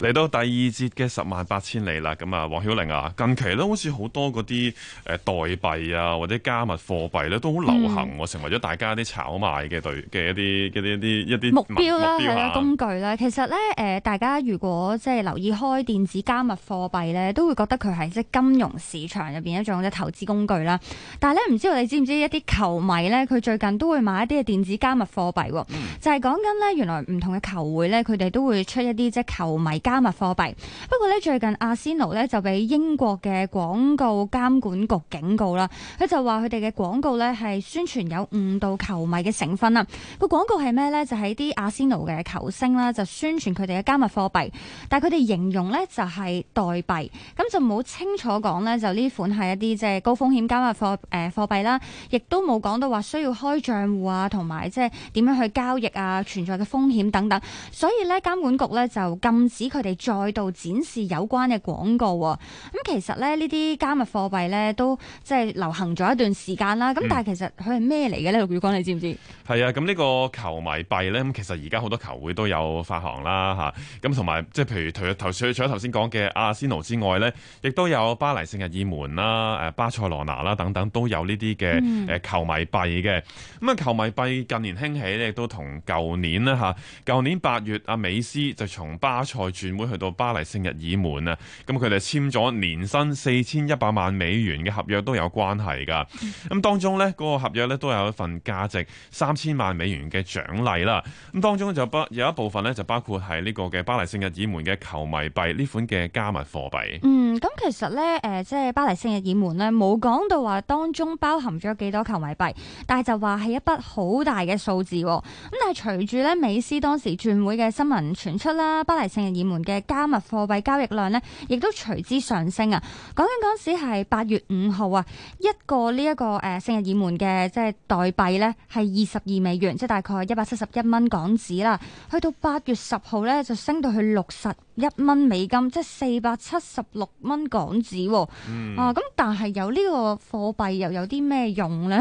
嚟到第二節嘅十萬八千里啦，咁啊，黃曉玲啊，近期咧好似好多嗰啲誒代幣啊，或者加密貨幣咧都好流行喎、啊，嗯、成為咗大家啲炒賣嘅對嘅一啲一啲一啲目標啦，目標啦，工具啦，其實咧誒、呃，大家如果即係留意開電子加密貨幣咧，都會覺得佢係即係金融市場入邊一種嘅投資工具啦。但係咧，唔知道你知唔知一啲球迷咧，佢最近都會買一啲嘅電子加密貨幣喎，嗯、就係講緊咧，原來唔同嘅球會咧，佢哋都會出一啲即係球迷。加密貨幣。不過咧，最近阿仙奴咧就俾英國嘅廣告監管局警告啦。佢就話佢哋嘅廣告咧係宣傳有誤導球迷嘅成分啦。個廣告係咩咧？就係啲阿仙奴嘅球星啦，就宣傳佢哋嘅加密貨幣。但係佢哋形容咧就係、是、代幣，咁就冇清楚講咧就呢款係一啲即係高風險加密貨誒、呃、貨幣啦。亦都冇講到話需要開賬戶啊，同埋即係點樣去交易啊，存在嘅風險等等。所以咧監管局咧就禁止。佢哋再度展示有關嘅廣告。咁其實咧，呢啲加密貨幣咧都即係流行咗一段時間啦。咁、嗯、但係其實佢係咩嚟嘅呢？陸表哥，你知唔知？係啊，咁呢個球迷幣咧，咁其實而家好多球會都有發行啦，嚇、啊。咁同埋即係譬如除咗頭先講嘅阿仙奴之外咧，亦都有巴黎聖日耳門啦、誒巴塞羅那啦等等，都有呢啲嘅誒球迷幣嘅。咁啊、嗯，球迷幣近年興起咧，亦都同舊年啦嚇。舊、啊、年八月，阿美斯就從巴塞。轉會去到巴黎聖日耳門啊，咁佢哋簽咗年薪四千一百萬美元嘅合約都有關係噶，咁當中呢，嗰個合約呢都有一份價值三千萬美元嘅獎勵啦，咁當中就不有一部分呢，就包括係呢個嘅巴黎聖日耳門嘅球迷幣呢款嘅加密貨幣。嗯咁其實咧，誒，即係巴黎聖日耳門咧，冇講到話當中包含咗幾多球迷幣，但係就話係一筆好大嘅數字。咁但係隨住咧美斯當時轉會嘅新聞傳出啦，巴黎聖日耳門嘅加密貨幣交易量呢，亦都隨之上升啊！講緊嗰陣時係八月五號啊，一個呢一個誒聖日耳門嘅即係代幣呢，係二十二美元，即係大概一百七十一蚊港紙啦。去到八月十號呢，就升到去六十一蚊美金，即係四百七十六蚊港紙喎啊！咁但係有呢個貨幣又有啲咩用咧？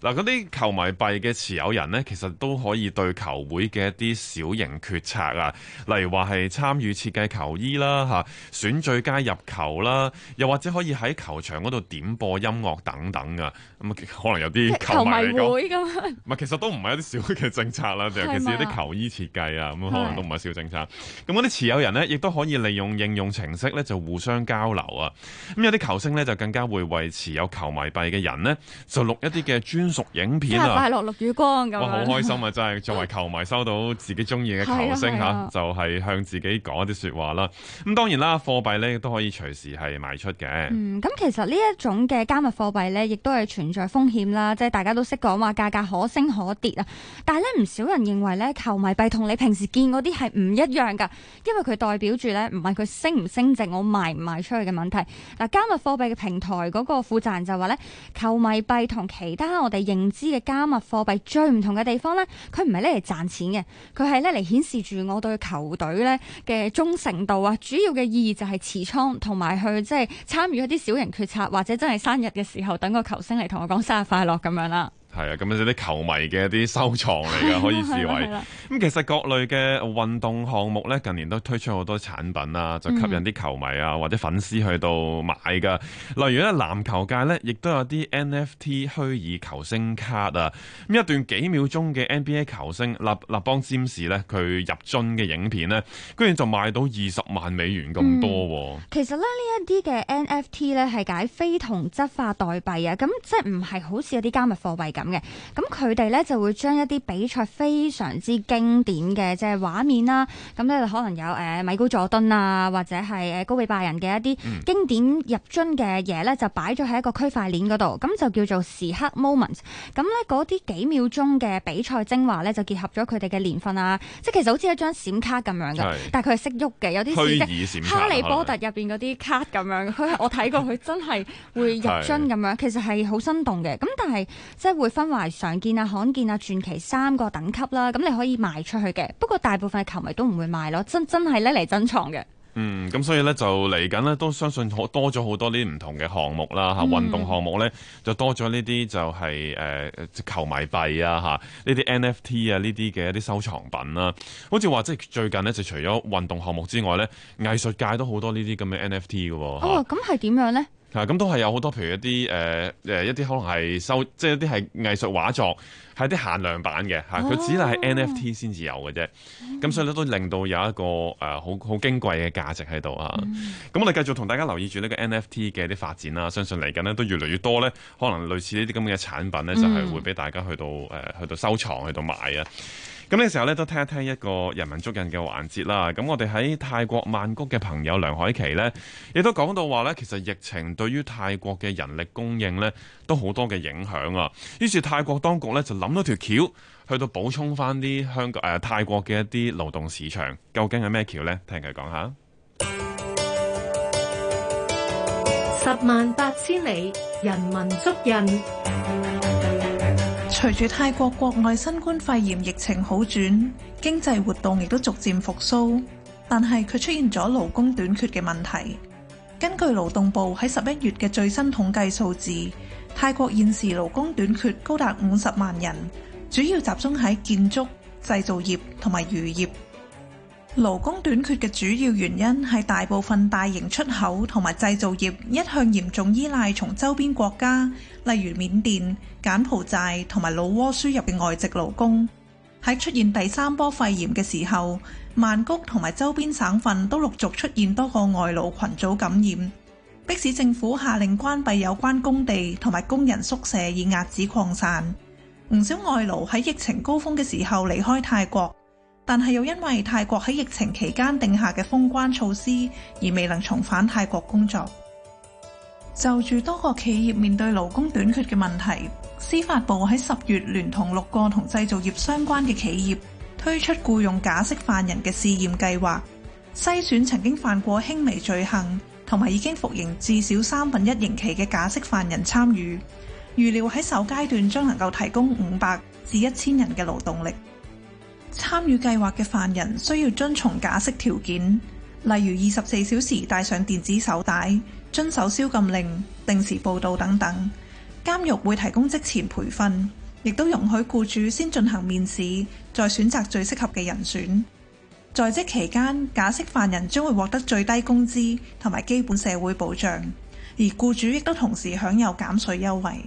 嗱，嗰啲球迷幣嘅持有人咧，其實都可以對球會嘅一啲小型決策啊，例如話係參與設計球衣啦、吓，選最佳入球啦，又或者可以喺球場嗰度點播音樂等等啊，咁啊，可能有啲球，球迷會咁嘛？唔係，其實都唔係一啲小嘅政策啦，尤其是啲球衣設計啊，咁嗎可能都唔係小政策。咁嗰啲持有人咧，亦都可以利用應用程式咧，就互相。交流啊，咁、嗯、有啲球星咧就更加會為持有球迷幣嘅人呢，就錄一啲嘅專屬影片啊，快樂如光咁。哇，好開心啊！真係作為球迷收到自己中意嘅球星吓、 啊啊啊，就係、是、向自己講一啲說話啦。咁、嗯、當然啦，貨幣咧都可以隨時係賣出嘅。嗯，咁其實呢一種嘅加密貨幣咧，亦都係存在風險啦，即係大家都識講話價格可升可跌啊。但係咧唔少人認為咧，球迷幣同你平時見嗰啲係唔一樣噶，因為佢代表住咧唔係佢升唔升值，我賣唔賣？出去嘅問題，嗱，加密貨幣嘅平台嗰個負責人就話咧，球迷幣同其他我哋認知嘅加密貨幣最唔同嘅地方咧，佢唔係咧嚟賺錢嘅，佢係咧嚟顯示住我對球隊咧嘅忠誠度啊！主要嘅意義就係持倉同埋去即係參與一啲小型決策，或者真係生日嘅時候等個球星嚟同我講生日快樂咁樣啦。係啊，咁樣啲球迷嘅啲收藏嚟噶，可以視為。咁 其實各類嘅運動項目咧，近年都推出好多產品啊，就吸引啲球迷啊或者粉絲去到買噶。例如咧籃球界咧，亦都有啲 NFT 虛擬球星卡啊。咁一段幾秒鐘嘅 NBA 球星勒勒邦占士咧，佢入樽嘅影片咧，居然就賣到二十萬美元咁多，嗯。其實咧呢一啲嘅 NFT 咧係解非同質化代幣啊，咁即係唔係好似有啲加密貨幣㗎。咁嘅，咁佢哋咧就會將一啲比賽非常之經典嘅即係畫面啦，咁咧就可能有誒米高佐敦啊，或者係誒高比拜仁嘅一啲經典入樽嘅嘢咧，就擺咗喺一個區塊鏈嗰度，咁就叫做時刻 moment。咁咧嗰啲幾秒鐘嘅比賽精華咧，就結合咗佢哋嘅年份啊。即係其實好似一張閃卡咁樣嘅，是但係佢係識喐嘅，有啲似哈利波特入邊嗰啲卡咁樣，佢我睇過佢真係會入樽咁樣，是其實係好生動嘅。咁但係即係會。分為常見啊、罕見啊、傳奇三個等級啦，咁你可以賣出去嘅。不過大部分球迷都唔會賣咯，真真係咧嚟珍藏嘅。嗯，咁所以咧就嚟緊咧都相信多多咗好多呢啲唔同嘅項目啦，吓運動項目咧就多咗呢啲就係、是、誒、呃、球迷幣啊，吓呢啲 NFT 啊呢啲嘅一啲收藏品啦、啊。好似話即係最近咧就除咗運動項目之外咧，藝術界都好多呢啲咁嘅 NFT 噶、啊。啊、哦，咁係點樣咧？啊，咁都係有好多，譬如一啲，誒，誒，一啲可能係收，即係一啲係藝術畫作，係啲限量版嘅，吓、啊，佢、啊、只能係 NFT 先至有嘅啫。咁、啊、所以咧都令到有一個，誒、呃，好好矜貴嘅價值喺度啊。咁、嗯、我哋繼續同大家留意住呢個 NFT 嘅啲發展啦。相信嚟緊咧都越嚟越多咧，可能類似呢啲咁嘅產品咧，就係、是、會俾大家去到，誒、呃，去到收藏，去到買啊。咁呢個時候咧，都聽一聽一個人文足印嘅環節啦。咁我哋喺泰國曼谷嘅朋友梁凱琪呢，亦都講到話呢，其實疫情對於泰國嘅人力供應呢，都好多嘅影響啊。於是泰國當局呢，就諗咗條橋，去到補充翻啲香港誒、呃、泰國嘅一啲勞動市場，究竟係咩橋呢？聽佢講下。十萬八千里人文足印。隨住泰國國內新冠肺炎疫情好轉，經濟活動亦都逐漸復甦，但係佢出現咗勞工短缺嘅問題。根據勞動部喺十一月嘅最新統計數字，泰國現時勞工短缺高達五十萬人，主要集中喺建築、製造業同埋漁業。勞工短缺嘅主要原因係大部分大型出口同埋製造業一向嚴重依賴從周邊國家，例如緬甸、柬埔寨同埋老撾輸入嘅外籍勞工。喺出現第三波肺炎嘅時候，曼谷同埋周邊省份都陸續出現多個外勞群組感染，迫使政府下令關閉有關工地同埋工人宿舍，以壓止擴散。唔少外勞喺疫情高峰嘅時候離開泰國。但係又因為泰國喺疫情期間定下嘅封關措施，而未能重返泰國工作。就住多個企業面對勞工短缺嘅問題，司法部喺十月聯同六個同製造業相關嘅企業，推出僱傭假釋犯人嘅試驗計劃，篩選曾經犯過輕微罪行同埋已經服刑至少三分一刑期嘅假釋犯人參與。預料喺首階段將能夠提供五百至一千人嘅勞動力。參與計劃嘅犯人需要遵從假釋條件，例如二十四小時戴上電子手帶、遵守宵禁令、定時報到等等。監獄會提供職前培訓，亦都容許雇主先進行面試，再選擇最適合嘅人選。在職期間，假釋犯人將會獲得最低工資同埋基本社會保障，而雇主亦都同時享有減稅優惠。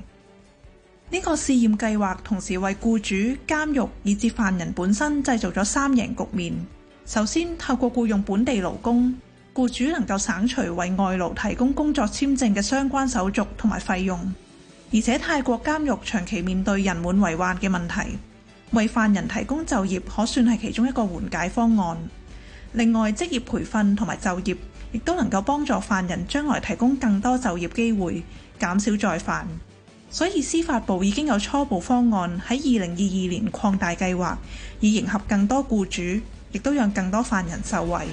呢個試驗計劃同時為僱主、監獄以至犯人本身製造咗三贏局面。首先，透過僱用本地勞工，僱主能夠省除為外勞提供工作簽證嘅相關手續同埋費用。而且，泰國監獄長期面對人滿為患嘅問題，為犯人提供就業可算係其中一個緩解方案。另外，職業培訓同埋就業亦都能夠幫助犯人將來提供更多就業機會，減少再犯。所以司法部已經有初步方案喺二零二二年擴大計劃，以迎合更多雇主，亦都讓更多犯人受惠。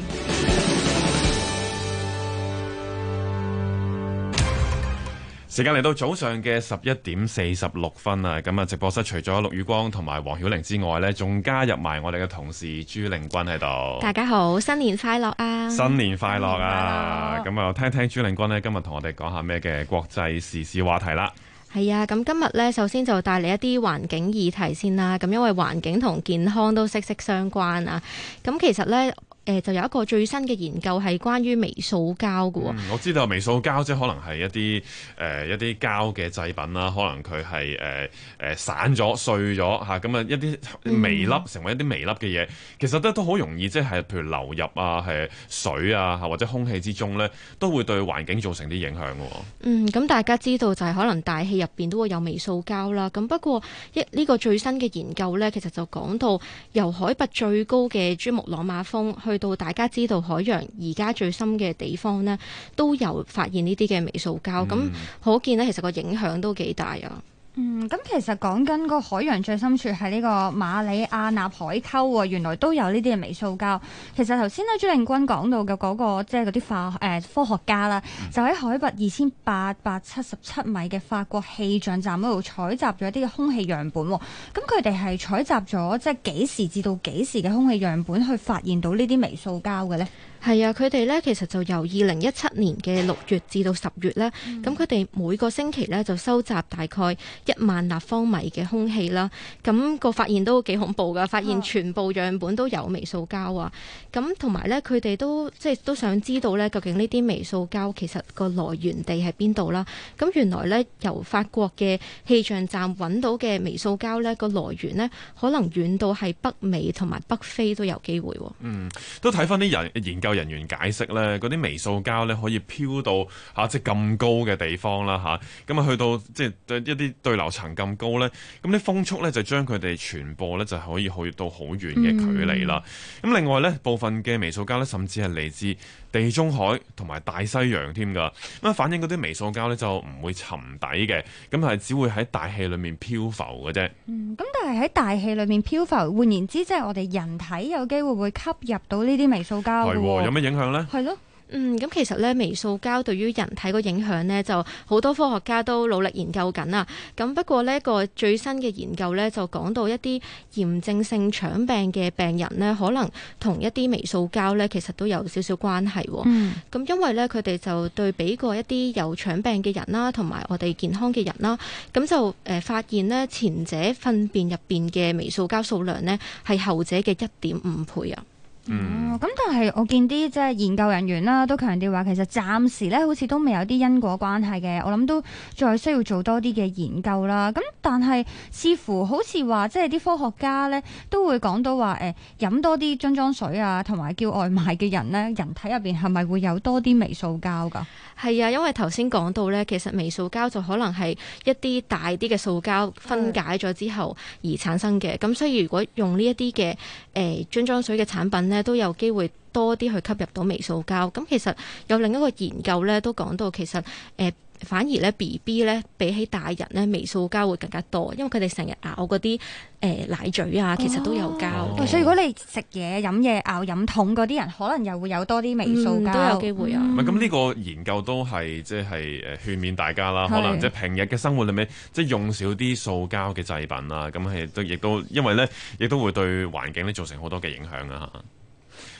時間嚟到早上嘅十一點四十六分啦，咁啊，直播室除咗陸宇光同埋黃曉玲之外呢，仲加入埋我哋嘅同事朱令筠喺度。大家好，新年快樂啊！新年快樂啊！咁啊，啊聽聽朱令筠呢，今日同我哋講下咩嘅國際時事話題啦。係啊，咁今日咧，首先就帶嚟一啲環境議題先啦。咁因為環境同健康都息息相關啊。咁其實咧。誒就有一個最新嘅研究係關於微塑膠嘅，哦嗯、我知道微塑膠即係可能係一啲誒、呃、一啲膠嘅製品啦，啊，可能佢係誒誒散咗碎咗吓，咁啊一啲微粒成為一啲微粒嘅嘢，其實都都好容易即、就、係、是、譬如流入啊係水啊或者空氣之中咧，都會對環境造成啲影響嘅喎。嗯，咁大家知道就係可能大氣入邊都會有微塑膠啦。咁不過一呢個最新嘅研究咧，其實就講到由海拔最高嘅珠穆朗瑪峰。去到大家知道海洋而家最深嘅地方咧，都有發現呢啲嘅微塑膠，咁、嗯、可見咧，其實個影響都幾大啊。嗯，咁其實講緊個海洋最深處係呢個馬里亞納海溝喎，原來都有呢啲嘅微塑膠。其實頭先咧，朱令筠講到嘅嗰、那個即係嗰啲化誒、呃、科學家啦，就喺海拔二千八百七十七米嘅法國氣象站嗰度採集咗一啲嘅空氣樣本。咁佢哋係採集咗即係幾時至到幾時嘅空氣樣本去發現到呢啲微塑膠嘅呢？係啊，佢哋咧其實就由二零一七年嘅六月至到十月咧，咁佢哋每個星期咧就收集大概。一萬立方米嘅空氣啦，咁個發現都幾恐怖噶，發現全部樣本都有微塑膠啊！咁同埋咧，佢哋都即係都想知道咧，究竟呢啲微塑膠其實個來源地喺邊度啦？咁原來咧，由法國嘅氣象站揾到嘅微塑膠咧，個來源呢，可能遠到係北美同埋北非都有機會。嗯，都睇翻啲人研究人員解釋咧，嗰啲微塑膠咧可以飄到嚇、啊、即係咁高嘅地方啦吓，咁啊去到即係一啲對對流層咁高呢，咁啲風速呢就將佢哋傳播呢就可以去到好遠嘅距離啦。咁、嗯、另外呢部分嘅微塑膠呢，甚至係嚟自地中海同埋大西洋添噶。咁啊，反映嗰啲微塑膠呢就唔會沉底嘅，咁係只會喺大氣裏面漂浮嘅啫。嗯，咁但係喺大氣裏面漂浮，換言之，即係我哋人體有機會會吸入到呢啲微塑膠，係、哦、有咩影響呢？係咯。嗯，咁其實咧，微塑膠對於人體個影響咧，就好多科學家都努力研究緊啦。咁不過呢個最新嘅研究咧，就講到一啲炎症性腸病嘅病人咧，可能同一啲微塑膠咧，其實都有少少關係。咁、嗯、因為咧，佢哋就對比過一啲有腸病嘅人啦，同埋我哋健康嘅人啦，咁就誒發現咧，前者糞便入邊嘅微塑膠數量咧，係後者嘅一點五倍啊。哦，咁、嗯嗯、但係我見啲即係研究人員啦，都強調話其實暫時咧好似都未有啲因果關係嘅。我諗都再需要做多啲嘅研究啦。咁但係似乎好似話即係啲科學家咧都會講到話，誒、呃、飲多啲樽裝水啊，同埋叫外賣嘅人咧，人體入邊係咪會有多啲微塑膠噶？係啊，因為頭先講到咧，其實微塑膠就可能係一啲大啲嘅塑膠分解咗之後而產生嘅。咁、嗯、所以如果用呢一啲嘅誒樽裝水嘅產品。咧都有機會多啲去吸入到微塑膠。咁其實有另一個研究咧，都講到其實誒、呃、反而咧 B B 咧比起大人咧微塑膠會更加多，因為佢哋成日咬嗰啲誒奶嘴啊，其實都有膠。哦、所以如果你食嘢飲嘢咬飲桶嗰啲人，可能又會有多啲微塑膠、嗯。都有機會啊。咁呢、嗯、個研究都係即係誒勸勉大家啦，是可能即係平日嘅生活裏面，即、就、係、是、用少啲塑膠嘅製品啊。咁係亦都因為咧，亦都會對環境咧造成好多嘅影響啊。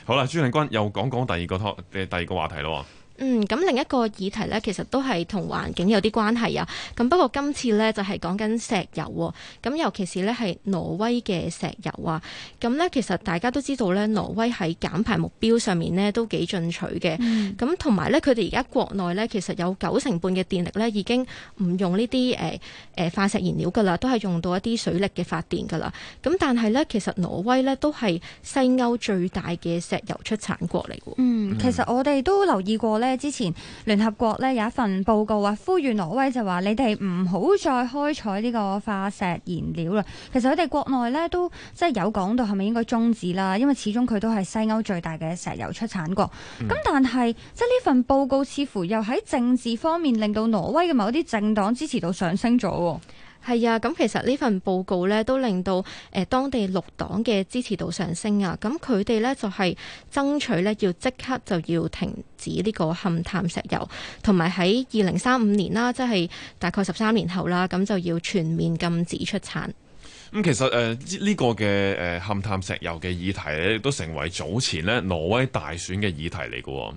好啦，朱令筠又講講第二個 topic，第二個話題咯。嗯，咁另一個議題咧，其實都係同環境有啲關係啊。咁不過今次咧就係講緊石油喎，咁尤其是咧係挪威嘅石油啊。咁咧其實大家都知道咧，挪威喺減排目標上面咧都幾進取嘅。咁同埋咧，佢哋而家國內咧其實有九成半嘅電力咧已經唔用呢啲誒誒化石燃料噶啦，都係用到一啲水力嘅發電噶啦。咁但係咧，其實挪威咧都係西歐最大嘅石油出產國嚟㗎。嗯，嗯，其實我哋都留意過咧。之前聯合國咧有一份報告話，呼籲挪威就話：你哋唔好再開採呢個化石燃料啦。其實佢哋國內咧都即係有講到係咪應該中止啦，因為始終佢都係西歐最大嘅石油出產國。咁、嗯、但係即係呢份報告似乎又喺政治方面令到挪威嘅某啲政黨支持度上升咗。係啊，咁其實呢份報告呢都令到誒當地綠黨嘅支持度上升啊。咁佢哋呢就係爭取呢，要即刻就要停止呢個勘探石油，同埋喺二零三五年啦，即係大概十三年後啦，咁就要全面禁止出產。咁其實誒呢個嘅誒勘探石油嘅議題咧，都成為早前咧挪威大選嘅議題嚟嘅。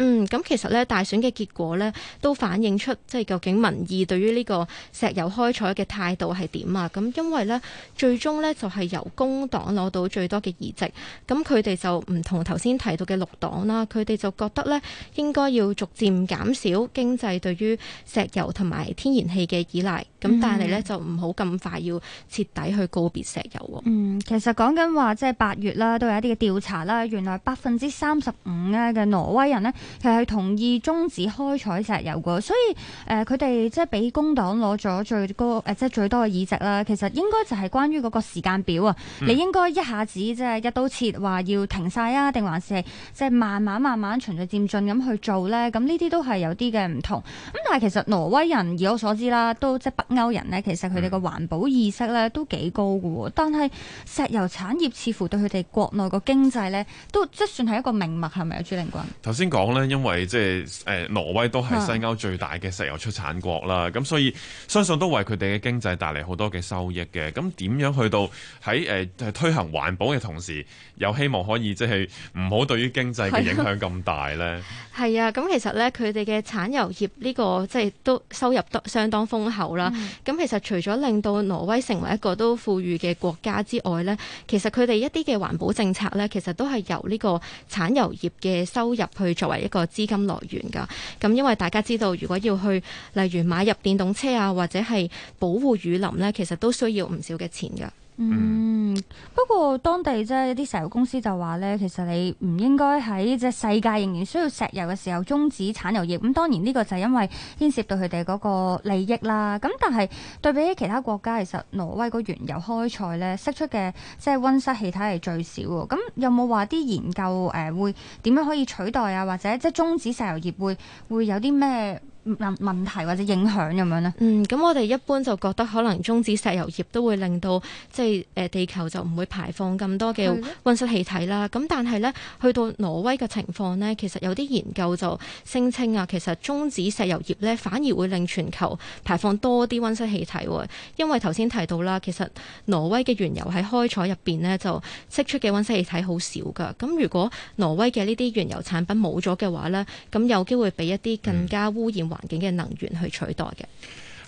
嗯，咁其實咧，大選嘅結果咧，都反映出即係究竟民意對於呢個石油開採嘅態度係點啊？咁、嗯、因為咧，最終咧就係、是、由工黨攞到最多嘅議席，咁佢哋就唔同頭先提到嘅六黨啦，佢哋就覺得咧應該要逐漸減少經濟對於石油同埋天然氣嘅依賴，咁但係咧、嗯、就唔好咁快要徹底去告別石油啊。嗯，其實講緊話即係八月啦，都有一啲嘅調查啦，原來百分之三十五嘅挪威人呢。佢係同意中止開採石油嘅，所以誒佢哋即係俾工黨攞咗最高誒，即係最多嘅議席啦。其實應該就係關於嗰個時間表啊，嗯、你應該一下子即係一刀切話要停晒啊，定還是係即係慢慢慢慢循序漸進咁去做咧？咁呢啲都係有啲嘅唔同。咁但係其實挪威人以我所知啦，都即係北歐人呢，其實佢哋嘅環保意識咧都幾高嘅喎。但係石油產業似乎對佢哋國內個經濟咧都即係算係一個命脈，係咪啊？朱令筠，頭先講因為即係誒，挪威都係西歐最大嘅石油出產國啦，咁、啊、所以相信都為佢哋嘅經濟帶嚟好多嘅收益嘅。咁點樣去到喺誒、呃、推行環保嘅同時，又希望可以即係唔好對於經濟嘅影響咁大呢？係啊，咁、啊、其實呢，佢哋嘅產油業呢、呢個即係都收入都相當豐厚啦。咁、嗯、其實除咗令到挪威成為一個都富裕嘅國家之外呢，其實佢哋一啲嘅環保政策呢，其實都係由呢個產油業嘅收入去作為。一個資金來源噶，咁因為大家知道，如果要去例如買入電動車啊，或者係保護雨林呢，其實都需要唔少嘅錢噶。嗯，不過當地即係啲石油公司就話呢，其實你唔應該喺即係世界仍然需要石油嘅時候中止產油業。咁當然呢個就係因為牽涉到佢哋嗰個利益啦。咁但係對比起其他國家，其實挪威個原油開採呢，釋出嘅即係溫室氣體係最少喎。咁有冇話啲研究誒、呃、會點樣可以取代啊？或者即係中止石油業會會有啲咩？問題或者影響咁樣咧？嗯，咁我哋一般就覺得可能中止石油業都會令到即係誒地球就唔會排放咁多嘅温室氣體啦。咁但係呢，去到挪威嘅情況呢，其實有啲研究就聲稱啊，其實中止石油業呢，反而會令全球排放多啲温室氣體。因為頭先提到啦，其實挪威嘅原油喺開採入邊呢，就釋出嘅温室氣體好少噶。咁如果挪威嘅呢啲原油產品冇咗嘅話呢，咁有機會俾一啲更加污染環境嘅能源去取代嘅。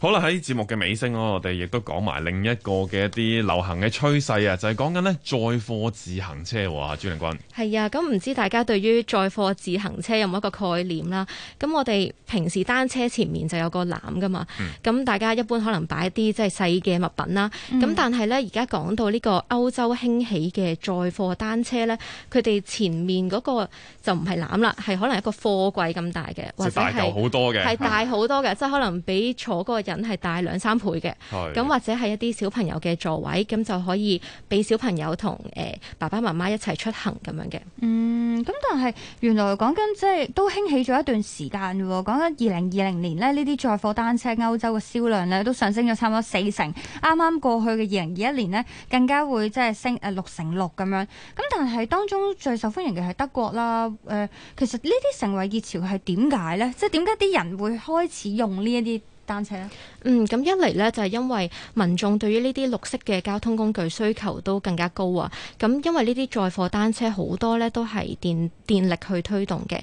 好啦，喺節目嘅尾聲咯，我哋亦都講埋另一個嘅一啲流行嘅趨勢啊，就係講緊呢載貨自行車喎，朱令筠。係啊，咁唔知大家對於載貨自行車有冇一個概念啦？咁我哋平時單車前面就有個籃噶嘛，咁、嗯、大家一般可能擺啲即係細嘅物品啦。咁、嗯、但係呢，而家講到呢個歐洲興起嘅載貨單車呢，佢哋前面嗰個就唔係籃啦，係可能一個貨櫃咁大嘅，大好多嘅，係大好多嘅，即係吧可能比坐嗰個。人係大兩三倍嘅，咁，是或者係一啲小朋友嘅座位咁，就可以俾小朋友同誒爸爸媽媽一齊出行咁樣嘅。嗯，咁但係原來講緊即係都興起咗一段時間嘅。講緊二零二零年咧，呢啲載貨單車歐洲嘅銷量咧都上升咗，差唔多四成。啱啱過去嘅二零二一年呢，更加會即係升誒六成六咁樣。咁但係當中最受歡迎嘅係德國啦。誒，其實呢啲成為熱潮係點解呢？即係點解啲人會開始用呢一啲？單車嗯，咁一嚟呢就係、是、因為民眾對於呢啲綠色嘅交通工具需求都更加高啊！咁、嗯、因為呢啲載貨單車好多呢都係電電力去推動嘅。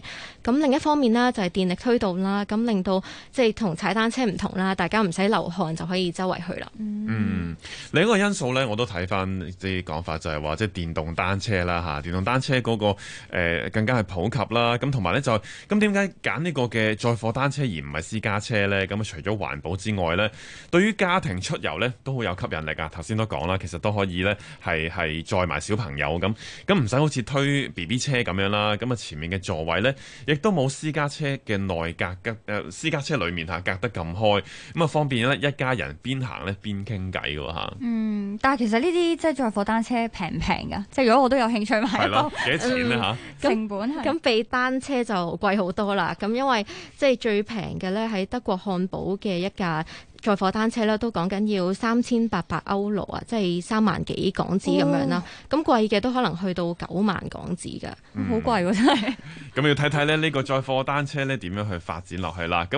咁、嗯、另一方面呢，就係、是、電力推動啦，咁令到即係同踩單車唔同啦，大家唔使流汗就可以周圍去啦。嗯，另一個因素呢，我都睇翻啲講法就係話即係電動單車啦嚇，電動單車嗰、那個、呃、更加係普及啦。咁同埋呢，就咁點解揀呢個嘅載貨單車而唔係私家車呢？咁除咗環保之外呢，對於家庭出遊呢，都好有吸引力啊！頭先都講啦，其實都可以呢，係係載埋小朋友咁，咁唔使好似推 B B 車咁樣啦。咁啊，前面嘅座位呢，亦都冇私家車嘅內隔隔誒，私家車裡面嚇隔得咁開，咁啊方便呢一家人邊行呢，邊傾偈㗎嚇。嗯，但係其實呢啲即係載貨單車平唔平㗎？即係如果我都有興趣買，係啦，幾多錢呢嚇？嗯，成本係咁，比單車就貴好多啦。咁因為即係最平嘅呢，喺德國漢堡。嘅一架載貨單車咧，都講緊要三千八百歐羅啊，即係三萬幾港紙咁，哦、樣啦。咁貴嘅都可能去到九萬港紙噶好貴、嗯、真係、啊。咁 要睇睇咧，呢個載貨單車咧點樣去發展落去啦。